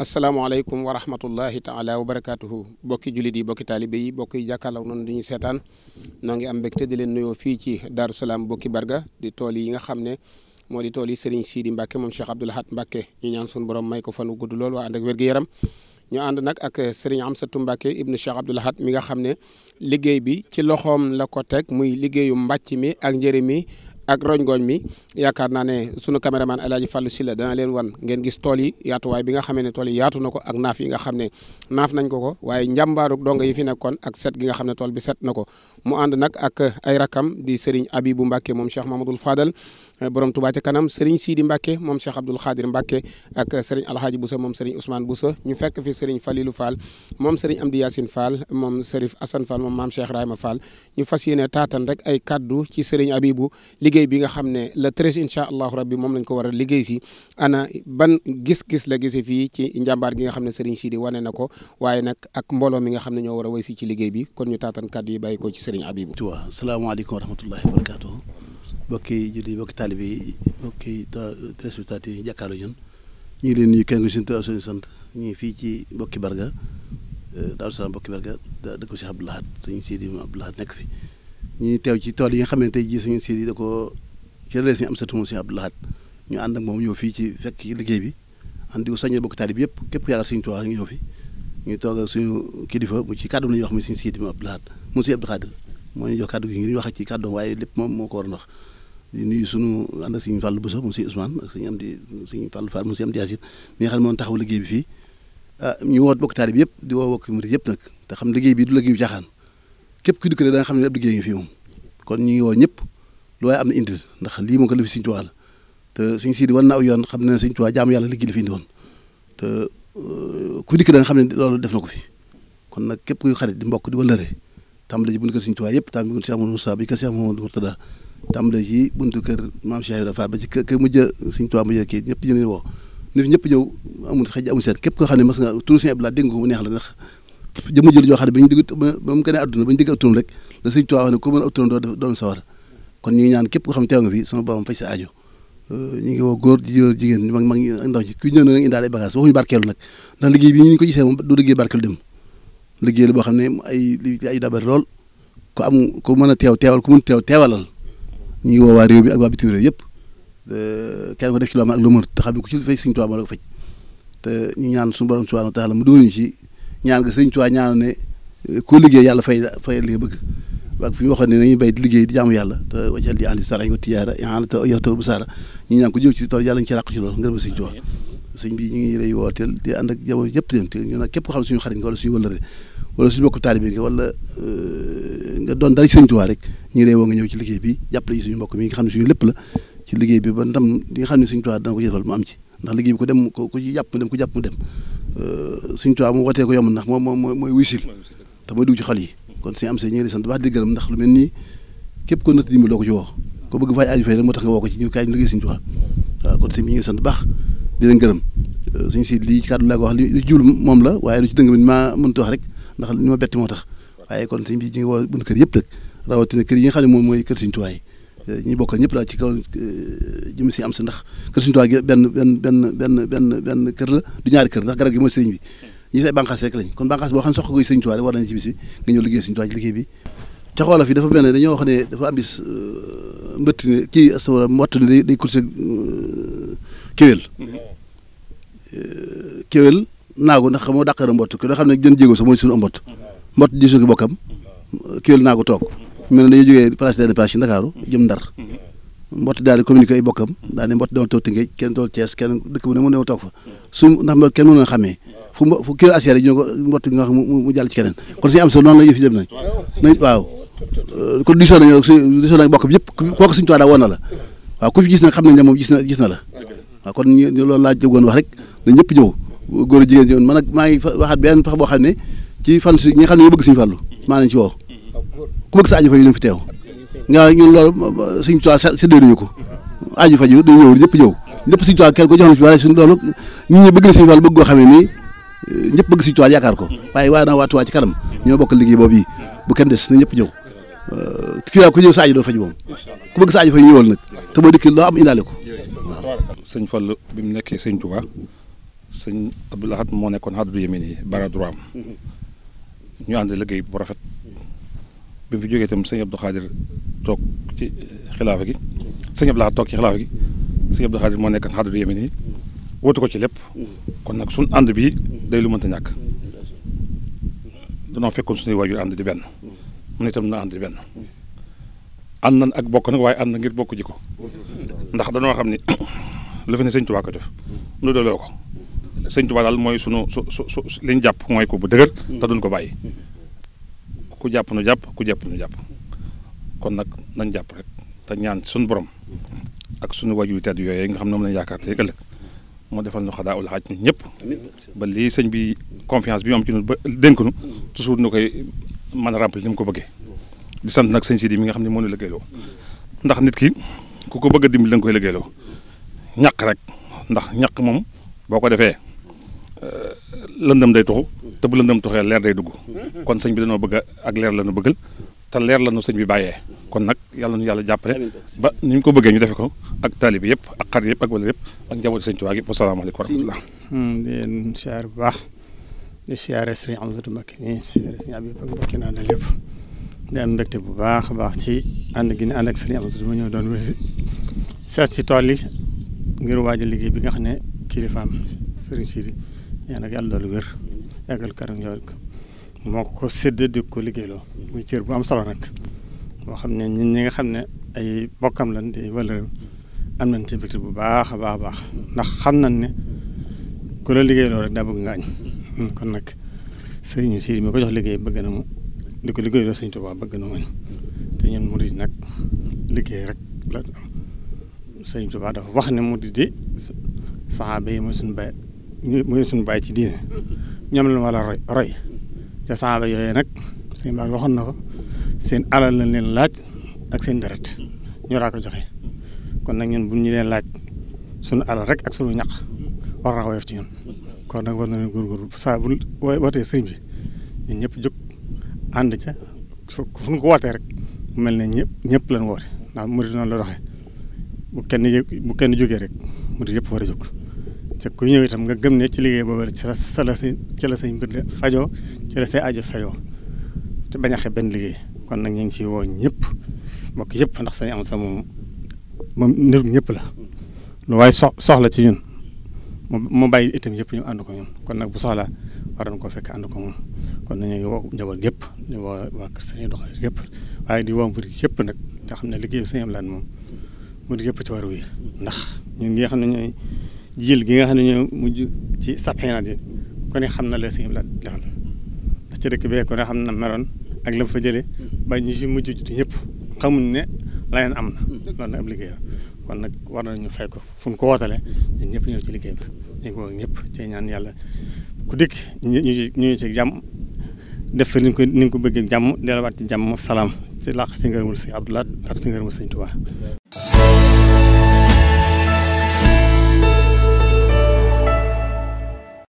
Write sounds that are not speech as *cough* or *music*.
asalaamaaleykum wa rahmatullahi taala wa barakaatuhu bokki jullit yi bokki taalibe yi bokki jàkkaarloo noonu dañuy seetaan noo ngi am mbégte di leen nuyoo fii ci Darou Salaam bokki Barga di tool yi nga xam ne moo di tool yi Serigne Sidi Mbacke moom Cheikh Abdoul Ahad Mbacke ñu ñaan suñu borom may ko fanu gudd lool waa ànd ak wér yaram ñu ànd nag ak Serigne Amsatou Mbacke ibnu Cheikh Abdoul Ahad mi nga xam ne liggéey bi ci loxoom la ko teg muy liggéeyu mbàcc mi ak njëriñ mi ak roñgooñ mi yaakaar naa ne sunu caméraman El Hadj Fallou Sylla dana leen wan ngeen gis tool yi yaatuwaay bi nga xamee ne tool yi yaatu na ko ak naaf yi nga xam ne naaf nañ ko ko waaye njàmbaaruk donga yi fi nekkoon ak set gi nga xam ne tool bi set na ko mu ànd nag ak ay rakam di Serigne Abibou Mbacke moom Cheikh Mamadou Fadal borom Touba ca kanam Serigne Sidi Mbacke moom Cheikh Abdoul Khadir Mbacke ak Serigne Alhaji Boussa moom Serigne Ousmane Boussa liggéey bi nga xam ne le treize incha allahu rabbi moom lañ ko war a liggéey si ana ban gis-gis la gise fii ci njàmbaar gi nga xam ne sëriñ Sidi wane na ko waaye nag ak mbooloo mi nga xam ne ñoo war a way si ci liggéey bi kon ñu taatan kàddu yi bàyyi ko ci sëriñ Abibu waaw salaamaaleykum wa rahmatullahi wa barakatuh mbokki julli mbokki taalibe yi mbokki téléspectateurs yi jàkkaarloo ñun ñu ngi leen nuyu kenn ku si suñu sant ñu fii ci bokki Barga Daaru Salaam mbokki Barga dëkk si Abdou Lahad sëriñ Sidi Abdou Lahad nekk fi ñuy teew ci tool yi nga xamante ne ji suñu si da ko jëlee suñu am sa tumu si Abdou Lahad ñu ànd ak moom ñëw fii ci fekk ci liggéey bi ànd di ko soññal bokk taalib yëpp képp ku yaakaar suñu Tuubaa ñu ñëw fi ñu toog ak suñu kilifa mu ci kàddu la ñuy wax mu suñu Sidi Abdou Lahad mu si Abdou Khadir moo ñu jox kàddu gi ngir ñu wax ci kàddu waaye lépp moom moo ko war ndox di nuyu suñu ànd ak suñu Fallou Bousso mu si Ousmane ak suñu am di suñu Fallou Fall mu si am di Yacine mi nga xam ne moom taxaw liggéey bi fii ah ñu woot bokk taalib yëpp di woo bokk murid yëpp nag te xam liggéey bi du liggéey bu caaxaan képp ku dikk rek da xam ne ab liggéey ngi fii moom kon ñu ngi woo ñëpp lu waaye am na indil lii moom ko la fi Sëñ Tuubaa la te Sëñ Sidi wan na yoon xam ne Sëñ Tuubaa jaamu yàlla liggéey la fi woon te euh, ku dikk da nga xam def na ko fi kon nag képp kuy xarit di mbokk di wëllëre tàmbale ji buntu kër Sëñ Tuubaa yëpp tàmbale buntu Cheikh Mamadou Moussa bi kër Cheikh Mamadou Mourtada tàmbale ji buntu kër Maam Cheikh Ibra Fall ba ci kër mujj Sëñ Tuubaa mujj kii ñëpp ñu woo ñëpp ñëw amul xëj amul seet képp koo xam ne mas nga turu Sëñ Abdoulaye dégg ko mu neex la ndax jëmm jël joo xam ne bi ñu digg ba mu a adduna ba ñu digg ab rek la sëñ Tuubaa wax ne ku mën doon sawar kon ñu ñaan képp ko xam teew nga fi sama borom faj sa aajo euh, ñu ngi woo góor jigéen jigéen mag mag ak ndaw ci ku ñëw na nag indaale ay bagage waxuñu barkeelu ko gisee moom du liggéey barkeelu dem liggéey la boo xam ne ñu ngi woo waa réew ak waa bitim réew yëpp euh, kenn ko def ci loo am ak lu mën te xam ne ku ci fay Sëñ Tuubaa moo te ñu ñaan suñu borom ñaan nga sëñ Tuubaa ñaanal ne eh, koo liggéey yàlla fay fay li nga bëgg fi ñu waxoon ne nañuy di liggéey di jaamu yàlla te wajal di andi sarañ ko tiyaara te yow bu saara ñu ñaan ko jóg ci tool yàlla ñu ci ñu ngi lay wooteel di ànd ak jamono yëpp leen te ñu nag képp ko xam ne suñu xarit nga wala suñu wëllëre wala suñu eh, doon dara ci sëñ rek ñu ngi lay nga ñëw ci liggéey bi jàpp ci suñu mbokk mi nga xam ne suñu lépp la ci liggéey bi ba ndam li xam ne sëñ Tuubaa dana ko jëfal mu am ci ndax liggéey bi ko dem ko ci jàpp mu jàpp dem Euh, suñ tuwaa moom watee ko yomb ndax moom moom mooy wisil te mooy dugg ci xol yi kon suñu am see ñu sant baax di gërëm ndax lu mel nii képp ko nati dimbali doo ko ci woo ko bëgg fay aju fay rek moo tax nga woo ko ci ñu kaay ñu liggéey suñ tuwaa waaw euh, si lii kàddu laa ko wax li jublu moom la waaye lu ci dëng bi maa mënta wax rek ndax li ma betti moo tax waaye kon sëñ bi ñu ngi woo bunt kër yëpp rek rawatina kër yi nga xam moom mooy kër suñ tuwaay ñi bokkal ñëpp daal ci kaw eh, jëm si am si ndax kër suñu tubaab gi benn benn benn benn benn benn kër la du ñaari kër ndax garab gi mooy sëriñ bi ñu say bànqaas rek lañ kon bànqaas boo xam ne soxla koy sëriñ tubaab rek war nañ ci bis bi nga ñëw dafa mel ne dañoo wax ne dafa am bis eh, mbëtt ne kii astawala mott ne day day course eh, kéwél kéwél naagu ndax moo dàqara mbott xam ne jën jéego sax mooy suñu mbott mbott di suki bokkam kéwél naagu toog mel ne dañuy jógee place de dépêche Ndakaaru jëm Ndar mbott daal di ay bokkam daal mbott dama toog kenn toog Thiès kenn dëkk bu ne mu ne ma toog fa su ndax ma kenn na xamee fu mbo fu kër asière yi ko mbott nga xam mu jàll ci keneen kon suñu am solo noonu la yëf yi dem nañ nañ waaw kon diisoo nañu su diisoo nañu bokk bi yëpp kooku na la waaw ku fi gis na xam nañ ne moom gis na gis na la waaw kon ñu loolu laa jógoon wax rek na ñëpp ñëw góor a jigéen man nag maa ngi waxaat benn fax boo xam ne ci fan si ñi nga xam ne ñu bëgg suñu fàllu maa nañ ci woo ku bëgg sa aju faju dañ fi teew nga ñun loolu suñu tuwaa ko aju faju dañ ñëw ñëpp ñëw ñëpp suñu tuwaa ko joxoon si wala suñu loolu ñun ñi bëgg na suñu fal bëgg ni ñëpp bëgg suñu tuwaa yaakaar ko waaye waa na waa ci kanam ñoo bokk liggéey boobu yi bu kenn des ñëpp ñëw kii ku ñëw sa aju faju moom ku bëgg sa aju faju ñëwal nag te loo am ko waaw sëñ bi mu nekkee sëñ Tuubaa sëñ Abdul Ahad moo nekkoon xaddu yémin yi bara droit am mm-hmm. ñu ànd liggéey bu rafet bi mu fi jógee itam sëñ Abdou Khadir toog ci xilaafa gi sëñ Abdou Khadir toog ci xilaafa gi sëñ Abdou Khadir moo nekk xaadul yéeme nii wootu ko ci lépp kon nag suñ ànd bi day lu mënta ñàkk danoo fekkoon suñuy waajur ànd di benn mu ne itam na ànd di benn ànd nañ ak bokk nag waaye ànd ngir bokk ji ko ndax danoo xam ni *coughs* lu fi ne sëñ ko def lu dooloo ko sëñ Tuubaa daal mooy sunu su su su liñ jàpp mooy ko bu dëgër te duñ ko bàyyi ku jàpp nu jàpp ku jàpp nu jàpp kon nag nañ jàpp rek te ñaan suñu borom ak suñu waju yu tedd yooyu nga xam ne moom lañ yaakaar tey ëllëg moo defal ñu xadaa ul xaaj ñëpp ba lii sëñ bi confiance bi mu am ci ba dénk nu toujours nu koy mën a remplir ni ko bëggee di sant nag sëñ Sidi mi nga xam ne moo ñu liggéeyloo ndax nit ki ku ko bëgg a dimbali da nga koy liggéeyloo ñàq rek ndax ñàq moom boo ko defee. lëndam day tuxu te bu lëndëm tuxee leer day dugg kon sëñ bi danoo bëgg ak leer la ñu bëggal te leer la ñu sëñ bi bàyyee kon nag yàlla nu yàlla jàppale ba ni ñu ko bëggee ñu defe ko ak taalibi yëpp ak xar yëpp ak wala yëpp ak njaboot sëñ Tuubaa yëpp wasalaamaaleykum wa rahmatullah hmm, bu baax di sëñ Amsatu Mbakke naa ne lépp di am bu baax a baax ci ànd gi ne ànd ak ma ñëw doon wési seet tool yi ngir waajal liggéey bi nga xam ne kilifaam sëriñ Sidi yàlla nag yàlla lu wér yàggal karam njawrik moo ko sédd di ko liggéeyloo muy cër bu am solo nag boo xam ne ñun nga xam ne ay bokkam lan di wala am nañ ci mbégte bu baax a baax a baax ndax xam nañ ne ku la liggéeyloo rek daa bëgg nga añ hmm, kon nag sëriñ si mi ko jox liggéey bëgg na mu di ko liggéeyloo sëriñ Tuubaa bëgg na mu añ te ñun murid nag liggéey rek la sëriñ Tuubaa dafa wax ne murid di saxaaba yi mooy suñu bay mooy suñu bàyyi ci diine ñoom lañ war a roy ca saaba yooyu nag seen baax waxoon na ko seen alal lañ leen laaj ak seen deret ñu raa ko joxe kon nag ñun bu ñu leen laaj suñu alal rek ak suñu ñaq war nag war na leen góorgóorlu saa bu wootee ñun ñëpp jóg ànd ca fu ñu ko wootee rek mel ne ñëpp ñëpp lañ woote ndax murid noonu la doxee bu kenn bu kenn jógee rek murid yëpp war a jóg ci ku ñëw itam nga gëm ne ci liggéey boobu ci la sa la ci la say mbir fajoo ci la sa aajo fajoo te bañ a xeeb benn liggéey kon nag ñu ngi ci woo ñëpp mbokk yëpp ndax sañ am sa moom ñëpp la lu waaye sox soxla ci ñun mu mu bàyyi itam yëpp ñu ànd ko ñun kon nag bu soxla waroon koo fekk ànd ko moom kon nañu ngi woo njaboot yëpp di woo waa kër sañuy dox yëpp waaye di woo mbir yëpp nag nga xam ne liggéey bi sañ am laan moom mu di yëpp ci war wi ndax ñu ñi nga xam ne ñooy jil gi nga xam ne ñoo mujj ci sapxinaat yi kon i xam na la sëñ bi la defal ndax ci dëkk bee ku ne na meloon ak la fa jële ba ñu si mujj jiitu xamuñ ne la leen am na mm-hmm. loolu nag ab la kon nag war na ñu fay ko fu ñu ko wootale ñun ñëpp ñëw ci liggéey bi ñu ko ñëpp ci yàlla ku dikk ñu ñu ci jàmm def fa ni ko ni ko bëggee jàmm delluwaat ci jàmm salaam ci làq ci ngërëmul si Abdou Lahad ak ci ngërëmul sëñ Tuubaa